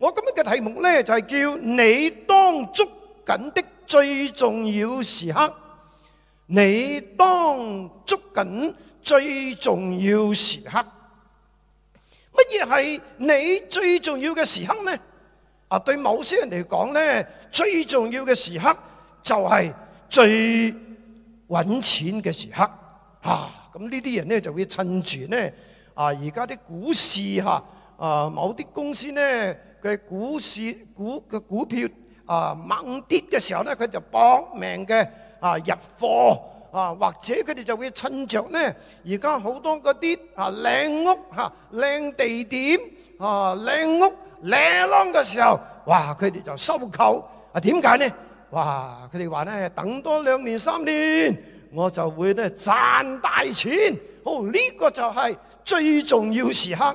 我今日嘅題目呢，就係、是、叫你當捉緊的最重要時刻，你當捉緊最重要時刻。乜嘢係你最重要嘅時刻呢？啊，對某些人嚟講呢，最重要嘅時刻就係最揾錢嘅時刻啊。咁呢啲人呢，就會趁住呢，啊，而家啲股市吓啊，某啲公司呢。佢股市股嘅股票，啊猛跌嘅時候咧，佢就搏命嘅啊入貨，啊，或者佢哋就會趁著呢，而家好多嗰啲啊靚屋吓、靚地點啊、靚屋靚朗嘅時候，哇！佢哋就收購，啊？點解呢？哇！佢哋話咧，等多兩年三年，我就會咧賺大錢，好，呢個就係最重要時刻。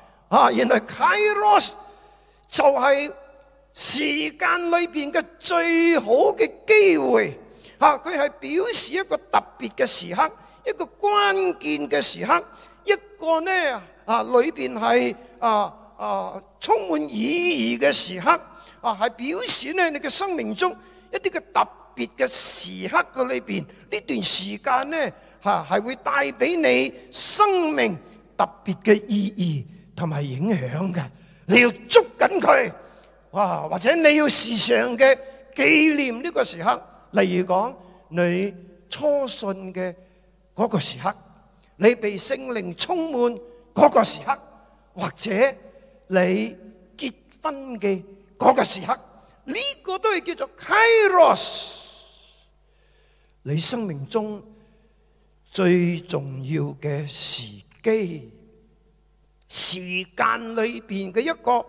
啊！原來 Kairos 就係時間裏邊嘅最好嘅機會。啊，佢係表示一個特別嘅時刻，一個關鍵嘅時刻，一個呢啊，裏邊係啊啊充滿意義嘅時刻。啊，係表示呢你嘅生命中一啲嘅特別嘅時刻嘅裏邊，呢段時間呢嚇係會帶俾你生命特別嘅意義。同埋影響嘅，你要捉緊佢，哇！或者你要時常嘅紀念呢個時刻，例如講你初信嘅嗰個時刻，你被聖靈充滿嗰個時刻，或者你結婚嘅嗰個時刻，呢個都係叫做 Kairos，你生命中最重要嘅時機。時間裏邊嘅一個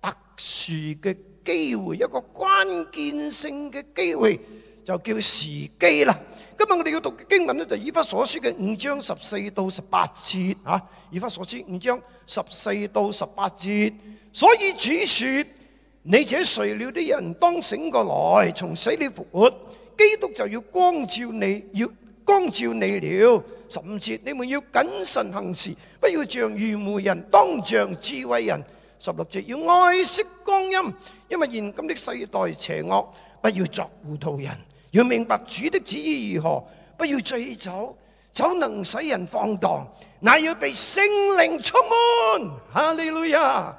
特殊嘅機會，一個關鍵性嘅機會，就叫時機啦。今日我哋要讀嘅經文呢，就以弗所書嘅五章十四到十八節啊。以弗所書五章十四到十八節，所以主說：你這睡了的人當醒過來，從死裏復活。基督就要光照你，要光照你了。十五節，你們要謹慎行事。不要像愚昧人，當像智慧人。十六節，要愛惜光陰，因為現今的世代邪惡。不要作糊塗人，要明白主的旨意如何。不要醉酒，酒能使人放蕩，乃要被聖靈充滿。哈利路亞！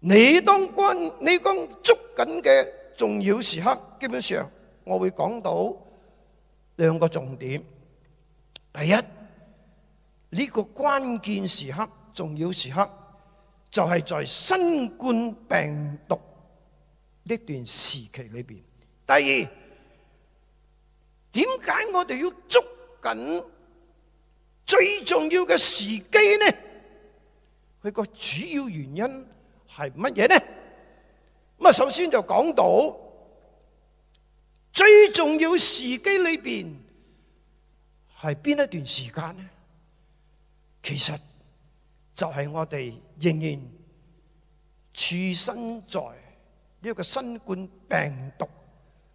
你當關，你剛捉緊嘅重要時刻，基本上我會講到兩個重點。第一。呢個關鍵時刻、重要時刻，就係在新冠病毒呢段時期裏面。第二，點解我哋要捉緊最重要嘅時機呢？佢個主要原因係乜嘢呢？咁啊，首先就講到最重要時機裏面係邊一段時間呢？其實就係我哋仍然處身在呢個新冠病毒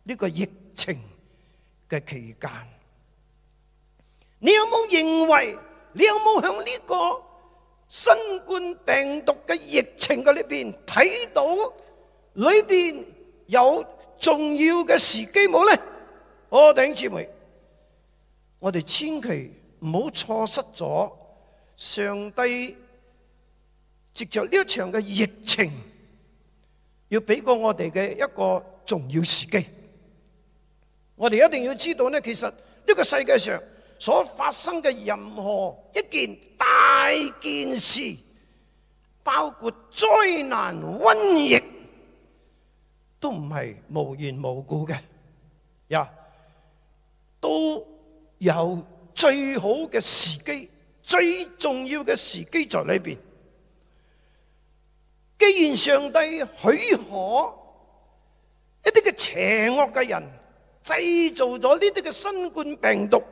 呢個疫情嘅期間，你有冇認為？你有冇向呢個新冠病毒嘅疫情嘅裏邊睇到裏邊有重要嘅時機冇呢？我哋弟兄姊妹，我哋千祈唔好錯失咗。上帝藉着呢一場嘅疫情，要俾過我哋嘅一個重要時機。我哋一定要知道呢，其實呢個世界上所發生嘅任何一件大件事，包括災難、瘟疫，都唔係無緣無故嘅，呀、yeah，都有最好嘅時機。最重要嘅時機在裏邊。既然上帝許可一啲嘅邪惡嘅人製造咗呢啲嘅新冠病毒，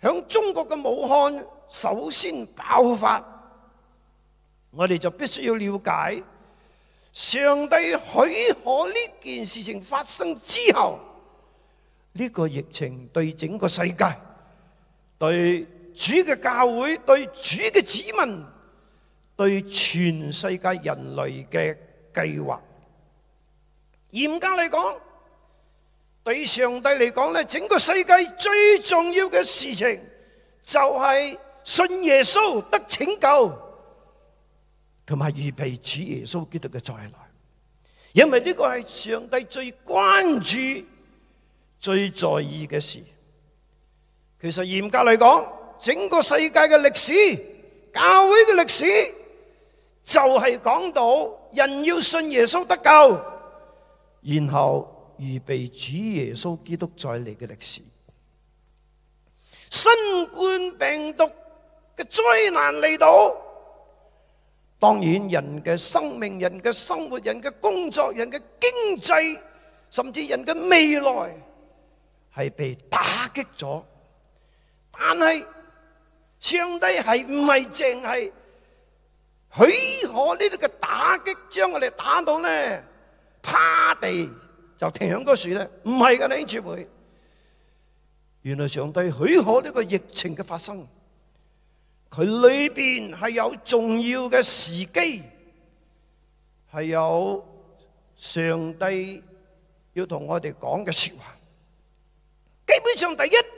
響中國嘅武漢首先爆發，我哋就必須要了解：上帝許可呢件事情發生之後，呢個疫情對整個世界。對主嘅教會、對主嘅子民、對全世界人類嘅計劃，嚴格嚟講，對上帝嚟講呢，整個世界最重要嘅事情就係信耶穌得拯救，同埋預備主耶穌基督嘅再來，因為呢個係上帝最關注、最在意嘅事。其實嚴格嚟講，整個世界嘅歷史、教會嘅歷史，就係講到人要信耶穌得救，然後預備主耶穌基督再嚟嘅歷史。新冠病毒嘅災難嚟到，當然人嘅生命、人嘅生活、人嘅工作、人嘅經濟，甚至人嘅未來，係被打擊咗。但係，上帝係唔係淨係許可呢啲嘅打擊將我哋打到咧趴地就停響個樹咧？唔係㗎，兄姊妹，原來上帝許可呢個疫情嘅發生，佢裏邊係有重要嘅時機，係有上帝要同我哋講嘅說話。基本上第一。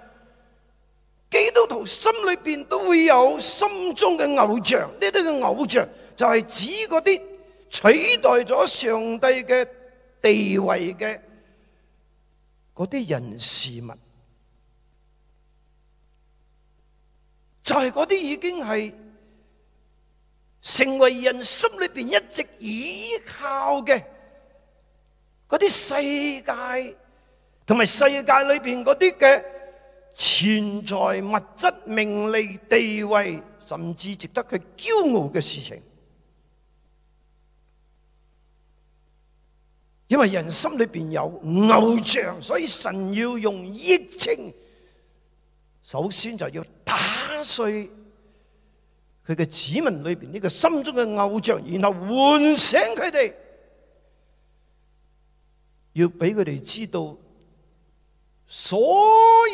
基督徒心裏邊都會有心中嘅偶像，呢啲嘅偶像就係指嗰啲取代咗上帝嘅地位嘅嗰啲人事物，就係嗰啲已經係成為人心裏邊一直依靠嘅嗰啲世界，同埋世界裏邊嗰啲嘅。存在物質、名利、地位，甚至值得佢驕傲嘅事情，因為人心裏邊有偶像，所以神要用恩情，首先就要打碎佢嘅子民裏邊呢個心中嘅偶像，然後喚醒佢哋，要俾佢哋知道。所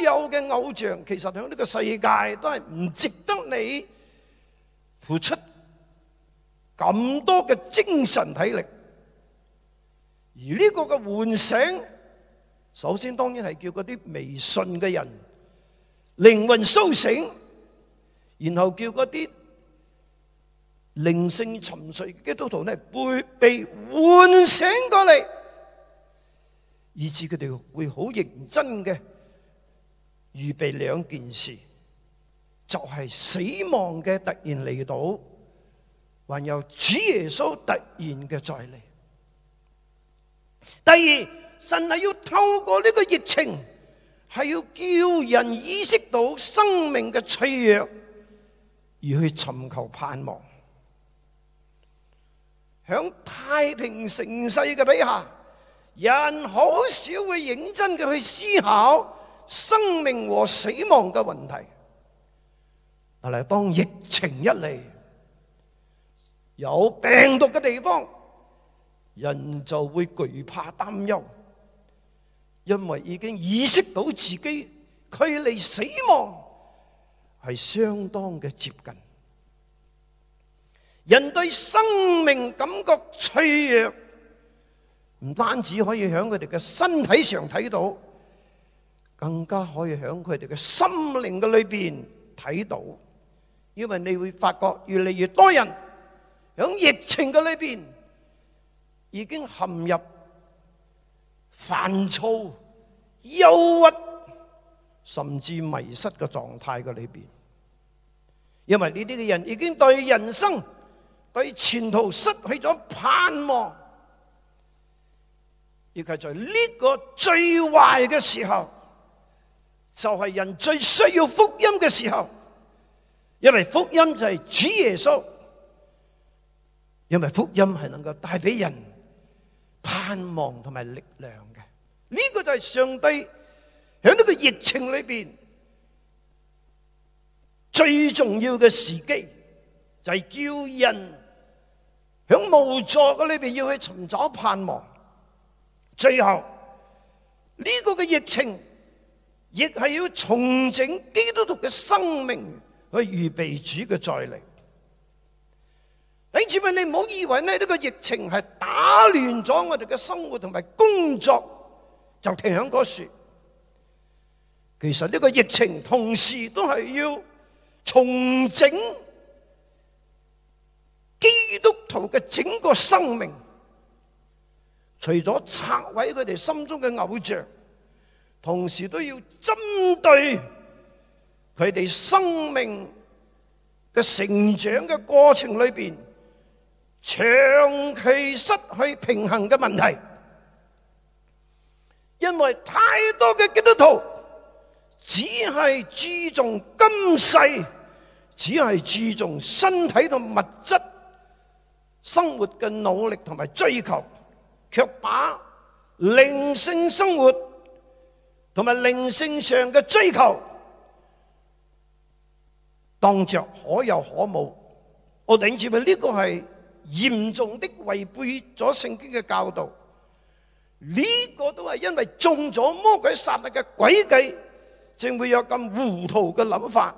有嘅偶像，其實喺呢個世界都係唔值得你付出咁多嘅精神體力。而呢個嘅喚醒，首先當然係叫嗰啲迷信嘅人靈魂甦醒，然後叫嗰啲靈性沉睡嘅基督徒呢，被被喚醒過嚟。以至佢哋會好認真嘅預備兩件事，就係死亡嘅突然嚟到，還有主耶穌突然嘅再嚟。第二，神係要透過呢個疫情，係要叫人意識到生命嘅脆弱，而去尋求盼望。喺太平盛世嘅底下。人好少會認真嘅去思考生命和死亡嘅問題，但係當疫情一嚟，有病毒嘅地方，人就會懼怕擔憂，因為已經意識到自己距離死亡係相當嘅接近，人對生命感覺脆弱。唔單止可以喺佢哋嘅身體上睇到，更加可以喺佢哋嘅心靈嘅裏邊睇到，因為你會發覺越嚟越多人喺疫情嘅裏邊已經陷入煩躁、憂鬱，甚至迷失嘅狀態嘅裏邊，因為呢啲嘅人已經對人生、對前途失去咗盼望。尤其在呢個最壞嘅時候，就係人最需要福音嘅時候，因為福音就係主耶穌，因為福音係能夠帶俾人盼望同埋力量嘅。呢個就係上帝喺呢個疫情裏邊最重要嘅時機，就係叫人喺無助嘅裏邊要去尋找盼望。最後呢、這個嘅疫情亦係要重整基督徒嘅生命去預備主嘅再嚟。弟兄們，你唔好以為呢，呢個疫情係打亂咗我哋嘅生活同埋工作就停響嗰樹。其實呢個疫情同時都係要重整基督徒嘅整個生命。除咗拆毀佢哋心中嘅偶像，同時都要針對佢哋生命嘅成長嘅過程裏面長期失去平衡嘅問題，因為太多嘅基督徒只係注重今世，只係注重身體同物質、生活嘅努力同埋追求。卻把靈性生活同埋靈性上嘅追求當着可有可無，我頂住佢呢個係嚴重地違背咗聖經嘅教導。呢個都係因為中咗魔鬼撒但嘅詭計，正會有咁糊塗嘅諗法。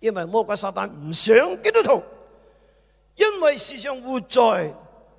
因為魔鬼撒但唔想基督徒，因為時常活在。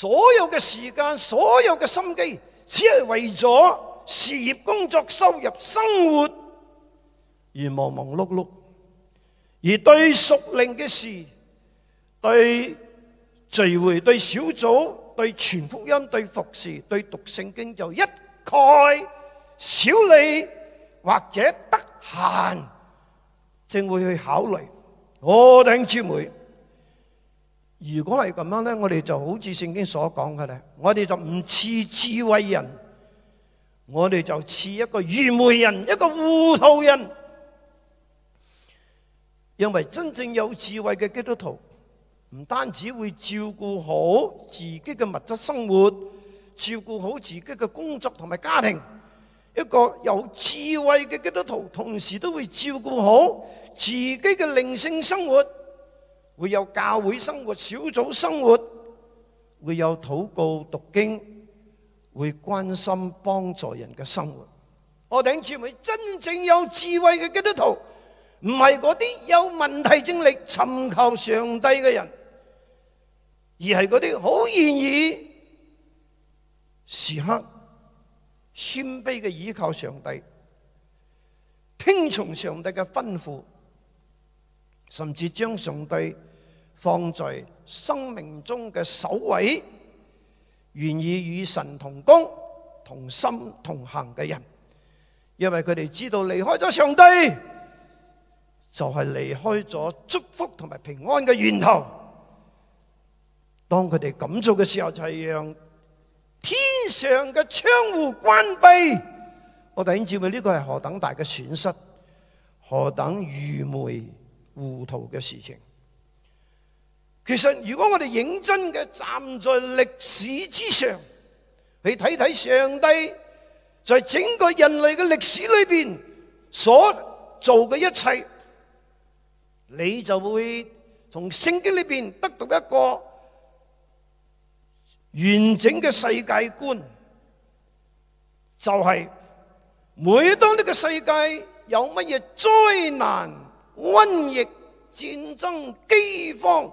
所有嘅時間，所有嘅心機，只係為咗事業、工作、收入、生活而忙忙碌碌；而對屬靈嘅事、對聚會、對小組、對傳福音、對服事、對讀聖經，就一概少理或者得閒，正會去考慮。我等姊妹。如果係咁樣呢，我哋就好似聖經所講嘅咧，我哋就唔似智慧人，我哋就似一個愚昧人，一個糊塗人。因為真正有智慧嘅基督徒，唔單止會照顧好自己嘅物質生活，照顧好自己嘅工作同埋家庭，一個有智慧嘅基督徒，同時都會照顧好自己嘅靈性生活。會有教會生活、小組生活，會有禱告、讀經，會關心幫助人嘅生活。我哋教會真正有智慧嘅基督徒，唔係嗰啲有問題精力尋求上帝嘅人，而係嗰啲好願意時刻謙卑嘅倚靠上帝、聽從上帝嘅吩咐，甚至將上帝，放在生命中嘅首位，願意與神同工、同心同行嘅人，因為佢哋知道離開咗上帝，就係、是、離開咗祝福同埋平安嘅源頭。當佢哋咁做嘅時候，就係讓天上嘅窗戶關閉。我提醒諸位，呢個係何等大嘅損失，何等愚昧糊塗嘅事情。其實，如果我哋認真嘅站在歷史之上，去睇睇上帝在整個人類嘅歷史裏邊所做嘅一切，你就會從聖經裏邊得到一個完整嘅世界觀。就係，每當呢個世界有乜嘢災難、瘟疫、戰爭、饑荒。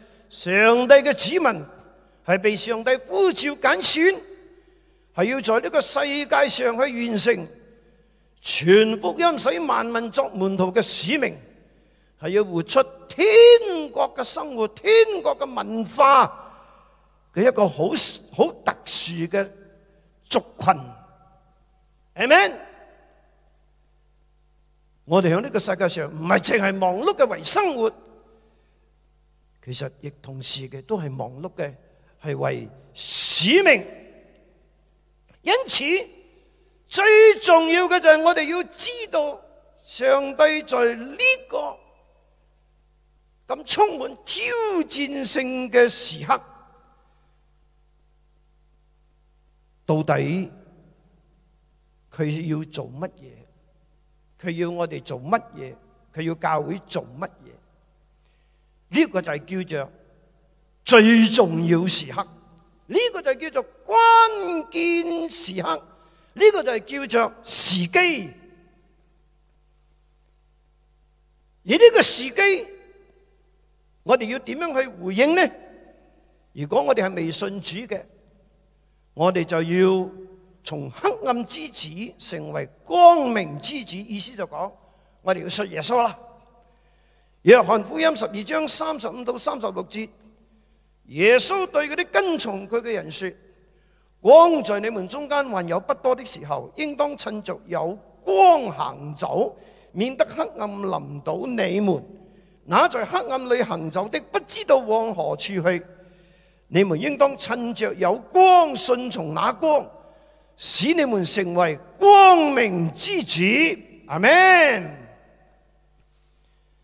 上帝嘅子民係被上帝呼召揀選，係要在呢個世界上去完成全福音使萬民作門徒嘅使命，係要活出天國嘅生活、天國嘅文化嘅一個好好特殊嘅族群。係咪？我哋喺呢個世界上唔係淨係忙碌嘅為生活。其實亦同時嘅都係忙碌嘅，係為使命。因此最重要嘅就係我哋要知道上帝在呢個咁充滿挑戰性嘅時刻，到底佢要做乜嘢？佢要我哋做乜嘢？佢要教會做乜嘢？呢個就係叫做最重要時刻，呢個就叫做關鍵時刻，呢個就係叫做時機。而呢個時機，我哋要點樣去回應呢？如果我哋係未信主嘅，我哋就要從黑暗之子成為光明之子，意思就講，我哋要信耶穌啦。約翰福音十二章三十五到三十六節，耶穌對嗰啲跟從佢嘅人說：光在你們中間還有不多的時候，應當趁着有光行走，免得黑暗臨到你們。那在黑暗裏行走的，不知道往何處去。你們應當趁着有光，順從那光，使你們成為光明之子。阿門。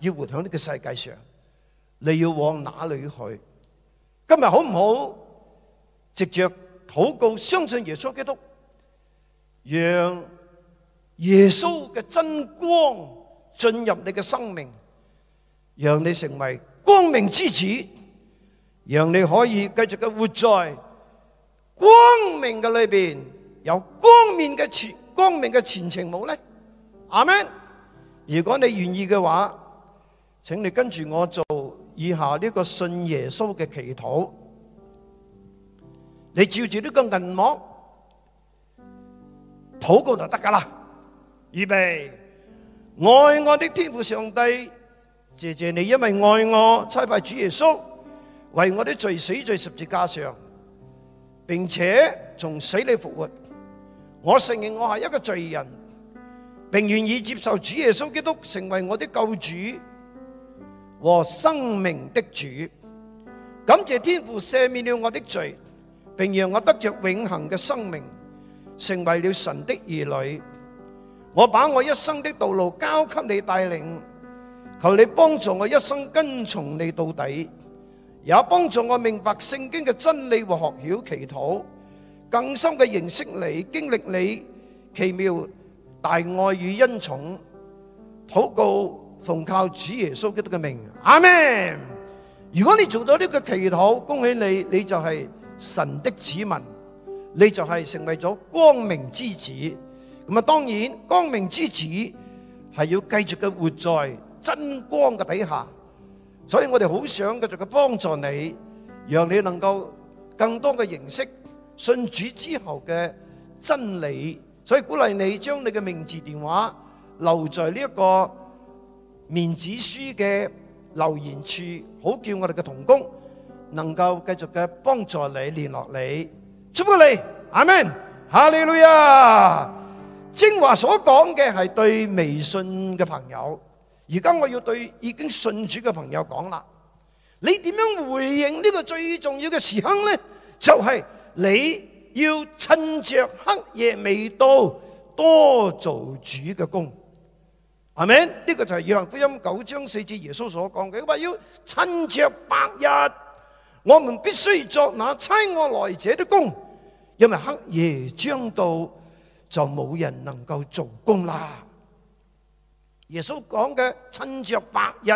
要活響呢個世界上，你要往哪裏去？今日好唔好？藉着禱告，相信耶穌基督，讓耶穌嘅真光進入你嘅生命，讓你成為光明之子，讓你可以繼續嘅活在光明嘅裏邊，有光明嘅前光明嘅前程冇呢？阿們，如果你願意嘅話，請你跟住我做以下呢個信耶穌嘅祈禱，你照住呢個銀幕禱告就得㗎喇。預備，愛我的天父上帝，謝謝你，因為愛我，差派主耶穌為我的罪死在十字架上，並且從死裏復活。我承認我係一個罪人，並願意接受主耶穌基督成為我的救主。和生命的主，感謝天父赦免了我的罪，並讓我得着永恒嘅生命，成為了神的兒女。我把我一生的道路交給你帶領，求你幫助我一生跟從你到底，也幫助我明白聖經嘅真理和學曉祈禱，更深嘅認識你，經歷你奇妙大愛與恩寵。禱告。奉靠主耶穌基督嘅名，阿們，如果你做到呢個祈禱，恭喜你，你就係神的子民，你就係成為咗光明之子。咁啊，當然光明之子係要繼續嘅活在真光嘅底下。所以我哋好想繼續嘅幫助你，讓你能夠更多嘅認識信主之後嘅真理。所以鼓勵你將你嘅名字電話留在呢一個，面子書嘅留言處，好叫我哋嘅同工能夠繼續嘅幫助你聯絡你，出翻嚟，阿門！哈利路亞！精華所講嘅係對微信嘅朋友，而家我要對已經信主嘅朋友講啦。你點樣回應呢個最重要嘅時刻呢？就係、是、你要趁着黑夜未到，多做主嘅工。係咪？呢個就係《約翰福音》九章四節耶穌所講嘅，佢話要趁著白日，我們必須作那差我來者的工，因為黑夜將到，就冇人能夠做工啦。耶穌講嘅趁著白日，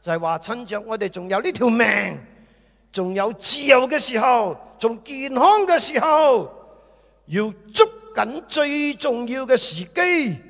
就係話趁著我哋仲有呢條命，仲有自由嘅時候，仲健康嘅時候，要捉緊最重要嘅時機。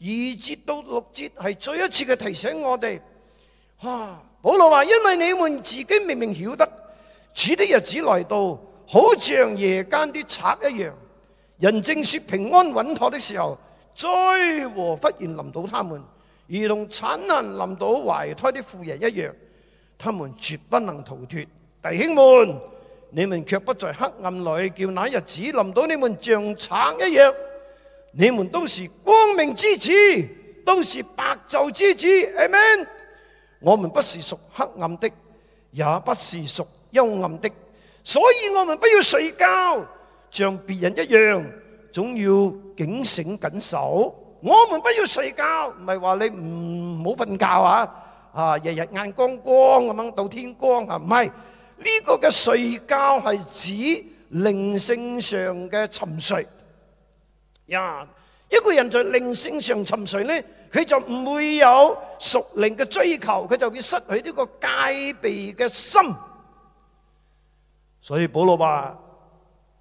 二節到六節係再一次嘅提醒我哋，啊，保羅話：因為你們自己明明曉得，此啲日子來到，好像夜間啲賊一樣，人正說平安穩妥的時候，災禍忽然臨到他們，如同產難臨到懷胎的婦人一樣，他們絕不能逃脫。弟兄們，你們卻不在黑暗裏，叫那日子臨到你們像賊一樣。你們都是光明之子，都是白晝之子，Amen。我們不是屬黑暗的，也不是屬幽暗的，所以我們不要睡覺，像別人一樣，總要警醒緊守。我們不要睡覺，唔係話你唔好瞓覺啊，啊日日眼光光咁到天光啊，唔係呢個嘅。睡覺係指靈性上嘅沉睡。呀，一個人在靈性上沉睡呢，佢就唔會有屬靈嘅追求，佢就會失去呢個戒備嘅心。所以保羅話：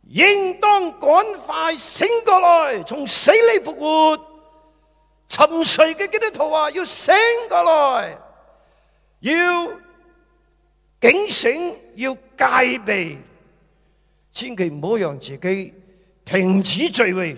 應當趕快醒過來，從死裏復活。沉睡嘅基督徒啊，要醒過來，要警醒，要戒備，千祈唔好讓自己停止聚會。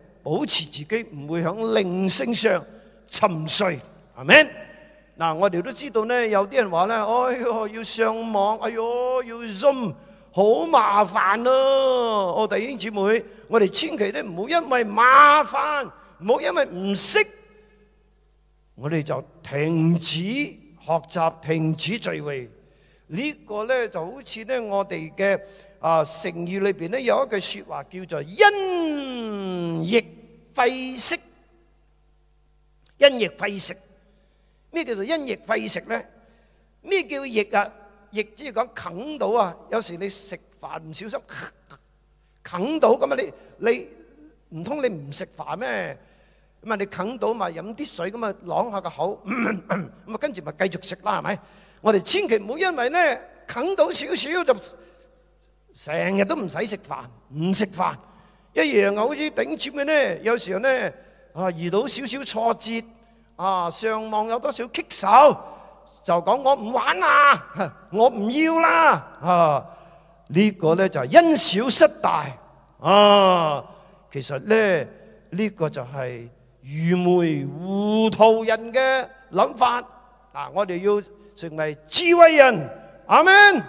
保持自己唔會響靈性上沉睡，係咪？嗱，我哋都知道咧，有啲人話咧，哎呦要上網，哎呦要 Zoom，好麻煩咯。我弟兄姊妹，我哋千祈都唔好因為麻煩，唔好因為唔識，我哋就停止學習，停止聚會。呢個咧就好似咧我哋嘅。啊，成語裏邊咧有一句説話叫做「因噎廢食」，因噎廢食。咩叫做因噎廢食咧？咩叫噎啊？噎即係講啃到啊！有時你食飯唔小心啃，啃到，咁啊你你唔通你唔食飯咩？咁啊你啃到嘛，飲啲水咁啊，啷下個口，咁啊跟住咪繼續食啦，係咪？我哋千祈唔好因為咧啃到少少就～成日都唔使食飯，唔食飯。一樣好似頂尖嘅呢。有時候呢，啊遇到少少挫折，啊上網有多少，少棘手，就講我唔玩啦，我唔要啦。啊呢、這個呢，就係、是、因小失大啊。其實呢，呢、這個就係愚昧、糊塗人嘅諗法。嗱、啊，我哋要成為智慧人。阿門，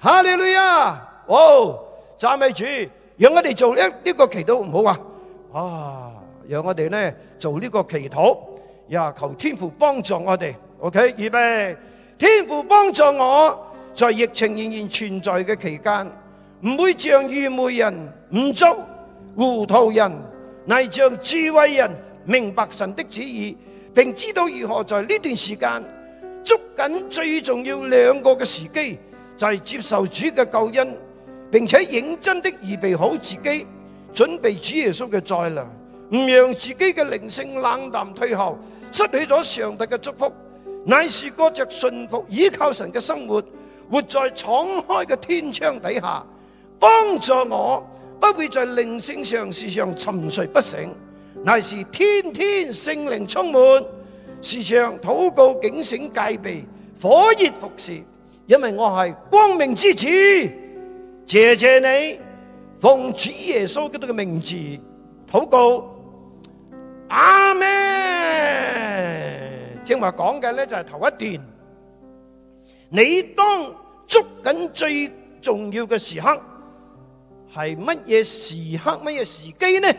哈利路亞。哦，讚美主，讓我哋做呢呢個祈禱唔好啊！啊，讓我哋咧做呢個祈禱，呀求天父幫助我哋。OK，預備，天父幫助我，在疫情仍然存在嘅期間，唔會像愚昧人唔足糊塗人，乃像智慧人明白神的旨意，並知道如何在呢段時間捉緊最重要兩個嘅時機，就係、是、接受主嘅救恩。並且認真地預備好自己，準備主耶穌嘅再來，唔讓自己嘅靈性冷淡退後，失去咗上帝嘅祝福，乃是過着信服倚靠神嘅生活，活在敞開嘅天窗底下，幫助我不會在靈性上時常沉睡不醒，乃是天天聖靈充滿，時常禱告警醒戒備，火熱服侍，因為我係光明之子。謝謝你奉主耶穌基督嘅名字禱告，阿門。正話講嘅咧就係、是、頭一段，你當捉緊最重要嘅時刻係乜嘢時刻乜嘢時機呢？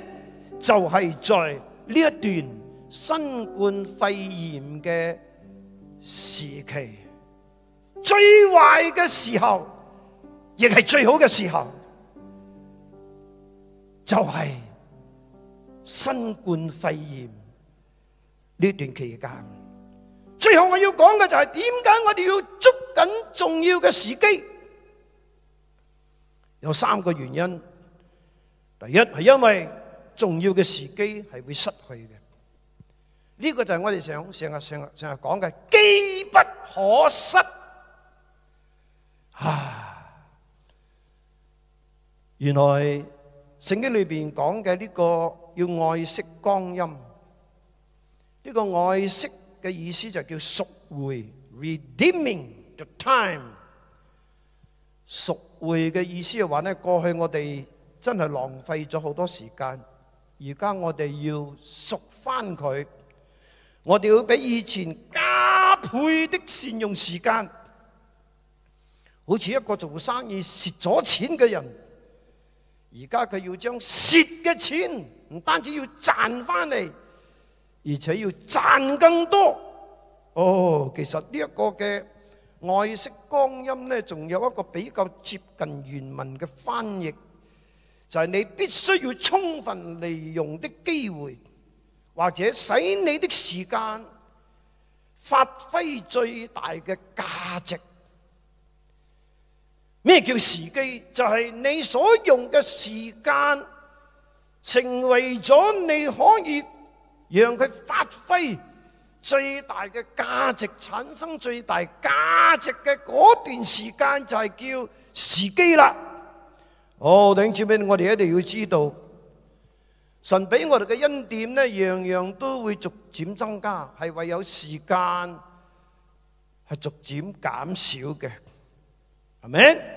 就係、是、在呢一段新冠肺炎嘅時期最壞嘅時候。亦係最好嘅時候，就係新冠肺炎呢段期間。最後我要講嘅就係點解我哋要捉緊重要嘅時機？有三個原因。第一係因為重要嘅時機係會失去嘅，呢個就係我哋成日成日成日成日講嘅機不可失。啊！原來聖經裏邊講嘅呢個要愛惜光陰，呢、呢個愛惜嘅意思就叫贖回 （redeeming the time）。贖回嘅意思嘅話呢，過去我哋真係浪費咗好多時間，而家我哋要贖翻佢，我哋要比以前加倍的善用時間，好似一個做生意蝕咗錢嘅人。而家佢要將蝕嘅錢唔單止要賺翻嚟，而且要賺更多。哦，其實呢一個嘅愛惜光陰呢，仲有一個比較接近原文嘅翻譯，就係、是、你必須要充分利用的機會，或者使你嘅時間發揮最大嘅價值。咩叫時機？就係、是、你所用嘅時間，成為咗你可以讓佢發揮最大嘅價值，產生最大嘅價值嘅嗰段時間就係、是、叫時機啦。哦，頂住畀我哋一定要知道，神俾我哋嘅恩典呢，樣樣都會逐漸增加，係唯有時間係逐漸減少嘅，係咪？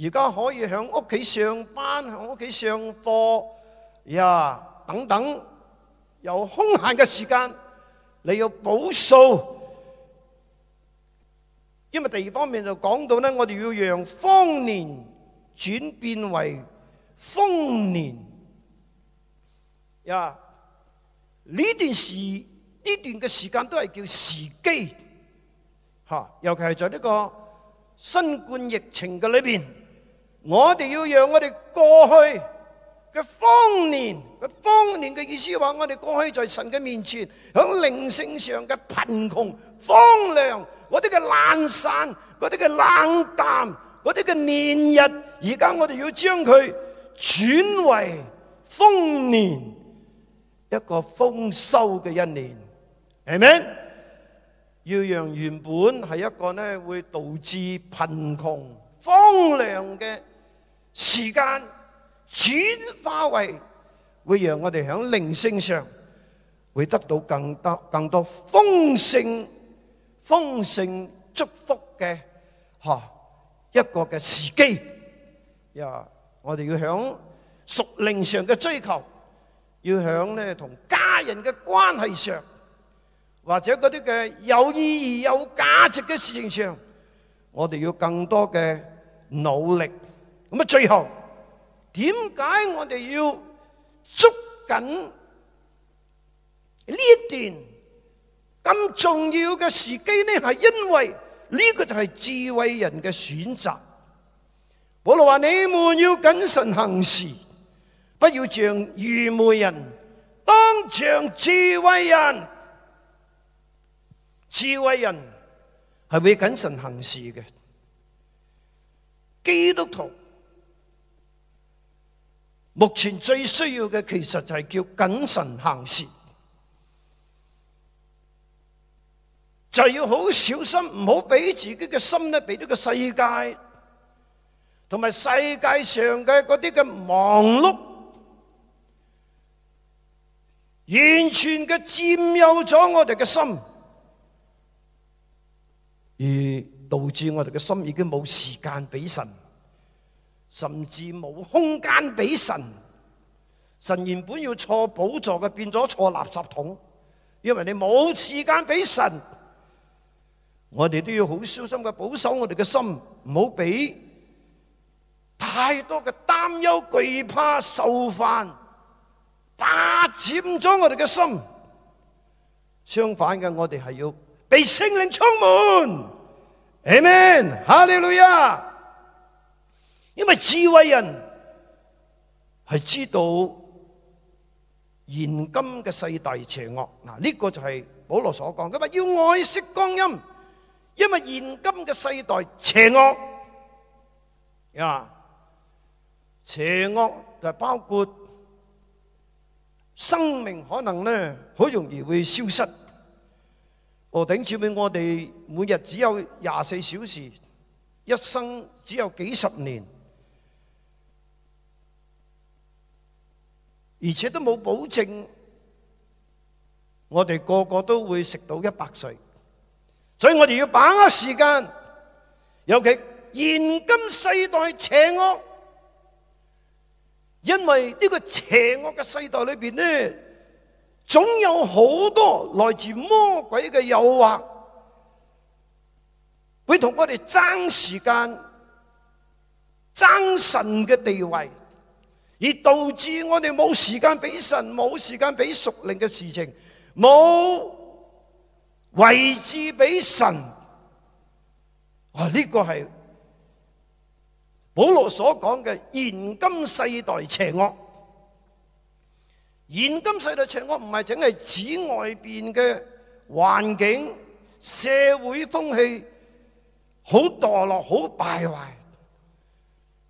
而家可以喺屋企上班、喺屋企上課呀，yeah, 等等有空閒嘅時間，你要補數。因為第二方面就講到咧，我哋要讓荒年轉變為豐年呀。呢、yeah, 段時呢段嘅時間都係叫時機、啊、尤其係在呢個新冠疫情嘅裏邊。我哋要讓我哋過去嘅豐年嘅豐年嘅意思話，我哋過去在神嘅面前，響靈性上嘅貧窮、荒涼，嗰啲嘅懶散、嗰啲嘅冷淡、嗰啲嘅年日，而家我哋要將佢轉為豐年，一個豐收嘅一年，係咪？要讓原本係一個呢，會導致貧窮、荒涼嘅。時間轉化為會讓我哋喺靈性上會得到更多更多豐盛豐盛祝福嘅吓一個嘅時機。又我哋要響屬靈上嘅追求，要響呢同家人嘅關係上，或者嗰啲嘅有意義有價值嘅事情上，我哋要更多嘅努力。咁啊！最後點解我哋要捉緊呢一段咁重要嘅時機呢？係因為呢個就係智慧人嘅選擇。保羅話你們要謹慎行事，不要像愚昧人，當像智慧人。智慧人係會謹慎行事嘅，基督徒。目前最需要嘅其實就係叫謹慎行事，就要好小心，唔好俾自己嘅心咧，俾呢個世界同埋世界上嘅嗰啲嘅忙碌，完全嘅佔有咗我哋嘅心，而導致我哋嘅心已經冇時間俾神。甚至冇空間俾神，神原本要坐寶座嘅，變咗坐垃圾桶，因為你冇時間俾神。我哋都要好小心嘅保守我哋嘅心，唔好俾太多嘅擔憂、懼怕、受犯霸佔咗我哋嘅心。相反嘅，我哋係要被聖靈充滿。阿門，哈利路亞。因為智慧人係知道現今嘅世代邪惡，嗱、這、呢個就係保羅所講。佢話要愛惜光陰，因為現今嘅世代邪惡啊，邪惡就包括生命可能咧，好容易會消失。我頂住俾我哋每日只有廿四小時，一生只有幾十年。而且都冇保證，我哋個個都會食到一百歲，所以我哋要把握時間，尤其現今世代邪惡，因為呢個邪惡嘅世代裏邊呢，總有好多來自魔鬼嘅誘惑，會同我哋爭時間、爭神嘅地位。而導致我哋冇時間俾神，冇時間俾屬靈嘅事情，冇位置俾神。啊，呢個係保羅所講嘅現今世代邪惡。現今世代邪惡唔係淨係指外邊嘅環境、社會風氣好墮落、好敗壞。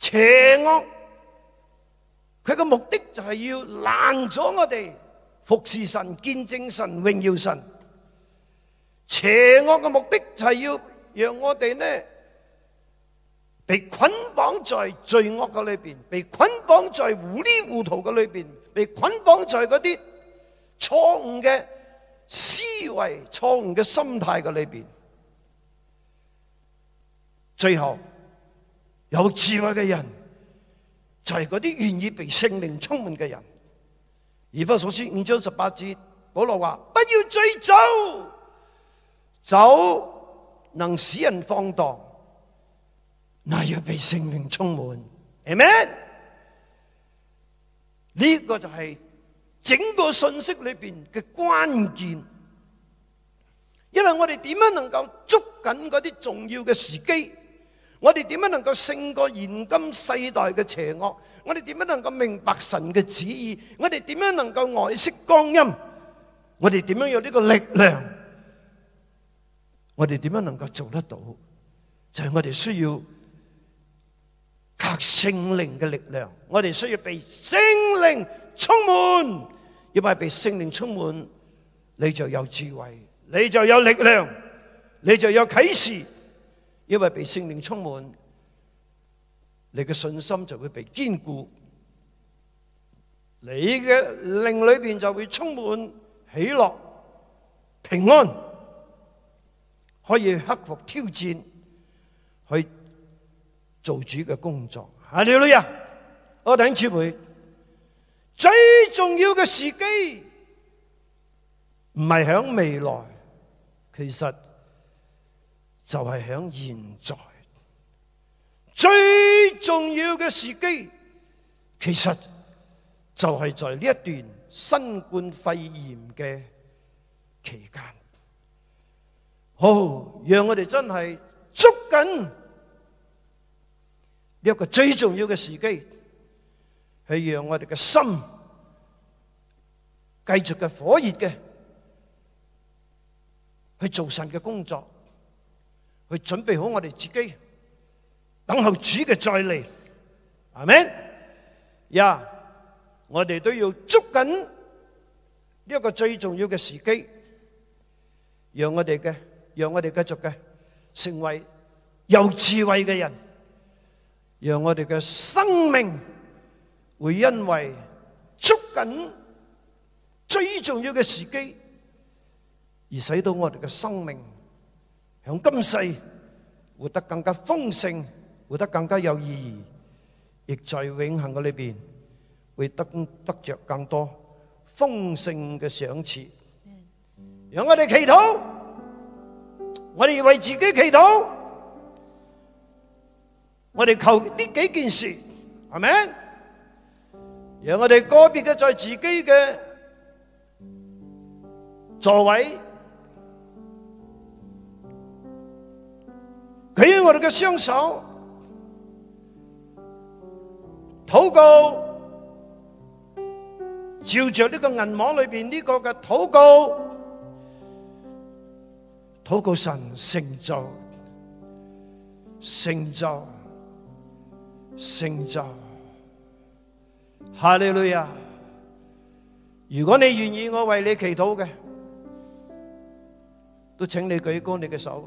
邪惡，佢嘅目的就係要攔咗我哋服侍神、見證神、榮耀神。邪惡嘅目的就係要讓我哋呢被捆綁在罪惡嘅裏邊，被捆綁在糊里糊塗嘅裏邊，被捆綁在嗰啲錯誤嘅思維、錯誤嘅心態嘅裏邊，最後。有智慧嘅人就係嗰啲願意被聖靈充滿嘅人。以弗所書五章十八節保羅話：不要醉酒，酒能使人放蕩，那要被聖靈充滿，係咩？呢個就係整個信息裏邊嘅關鍵，因為我哋點樣能夠捉緊嗰啲重要嘅時機。我哋點樣能夠勝過現今世代嘅邪惡？我哋點樣能夠明白神嘅旨意？我哋點樣能夠愛惜光陰？我哋點樣有呢個力量？我哋點樣能夠做得到？就係我哋需要靠聖靈嘅力量。我哋需要被聖靈充滿，因為被聖靈充滿，你就有智慧，你就有力量，你就有啟示。因為被聖靈充滿，你嘅信心就會被堅固，你嘅靈裏邊就會充滿喜樂、平安，可以克服挑戰，去做主嘅工作。阿了女啊，弟兄姊妹，最重要嘅時機唔係響未來，其實。就係喺現在最重要嘅時機，其實就係在呢一段新冠肺炎嘅期間。好，讓我哋真係捉緊呢一個最重要嘅時機，去讓我哋嘅心繼續嘅火熱嘅去做神嘅工作。去準備好我哋自己，等候主嘅再嚟，係咪？呀，我哋都要捉緊呢一個最重要嘅時機，讓我哋嘅讓我哋繼續嘅成為有智慧嘅人，讓我哋嘅生命會因為捉緊最重要嘅時機而使到我哋嘅生命。讓今世活得更加豐盛，活得更加有意義，亦在永恒嘅裏邊會得得着更多豐盛嘅賞賜。讓我哋祈禱，我哋要為自己祈禱，我哋求呢幾件事，係咪？讓我哋個別嘅在自己嘅座位。俾我哋嘅雙手禱告，照着呢個銀幕裏邊呢個嘅禱告，禱告神成就、成就、成就。哈利路亞！如果你願意我為你祈禱嘅，都請你舉高你嘅手。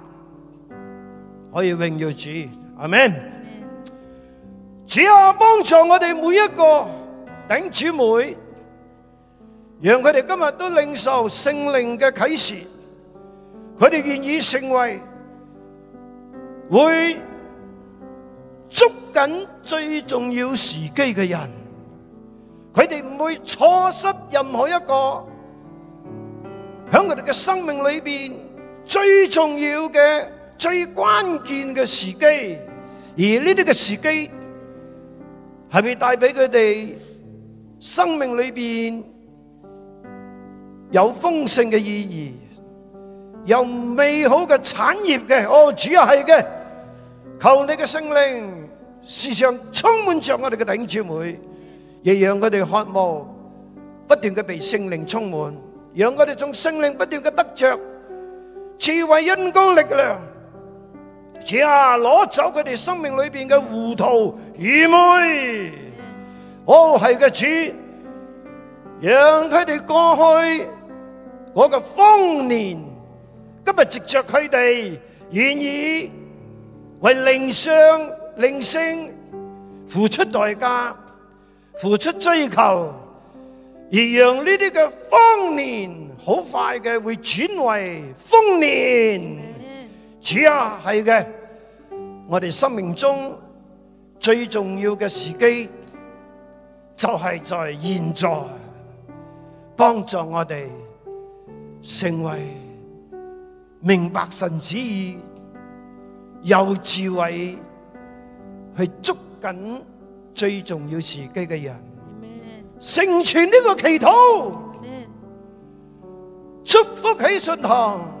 可以榮耀主，阿門！主啊，幫助我哋每一個頂姊妹，讓佢哋今日都領受聖靈嘅啟示，佢哋願意成為會捉緊最重要時機嘅人，佢哋唔會錯失任何一個響佢哋嘅生命裏面最重要嘅。最關鍵嘅時機，而呢啲嘅時機係咪帶俾佢哋生命裏邊有豐盛嘅意義，有美好嘅產業嘅？哦，主要係嘅，求你嘅聖靈時常充滿着我哋嘅弟兄姊妹，亦讓佢哋渴望不斷嘅被聖靈充滿，讓佢哋從聖靈不斷嘅得着賜為恩膏力量。主啊，攞走佢哋生命裏邊嘅糊塗愚昧，哦係嘅主，讓佢哋過去嗰個荒年。今日藉着佢哋願意為靈上靈性付出代價、付出追求，而讓呢啲嘅荒年好快嘅會轉為豐年。似啊，係嘅。我哋生命中最重要嘅時機，就係在現在，幫助我哋成為明白神旨意、有智慧去捉緊最重要時機嘅人，成全呢個祈禱，祝福起信堂。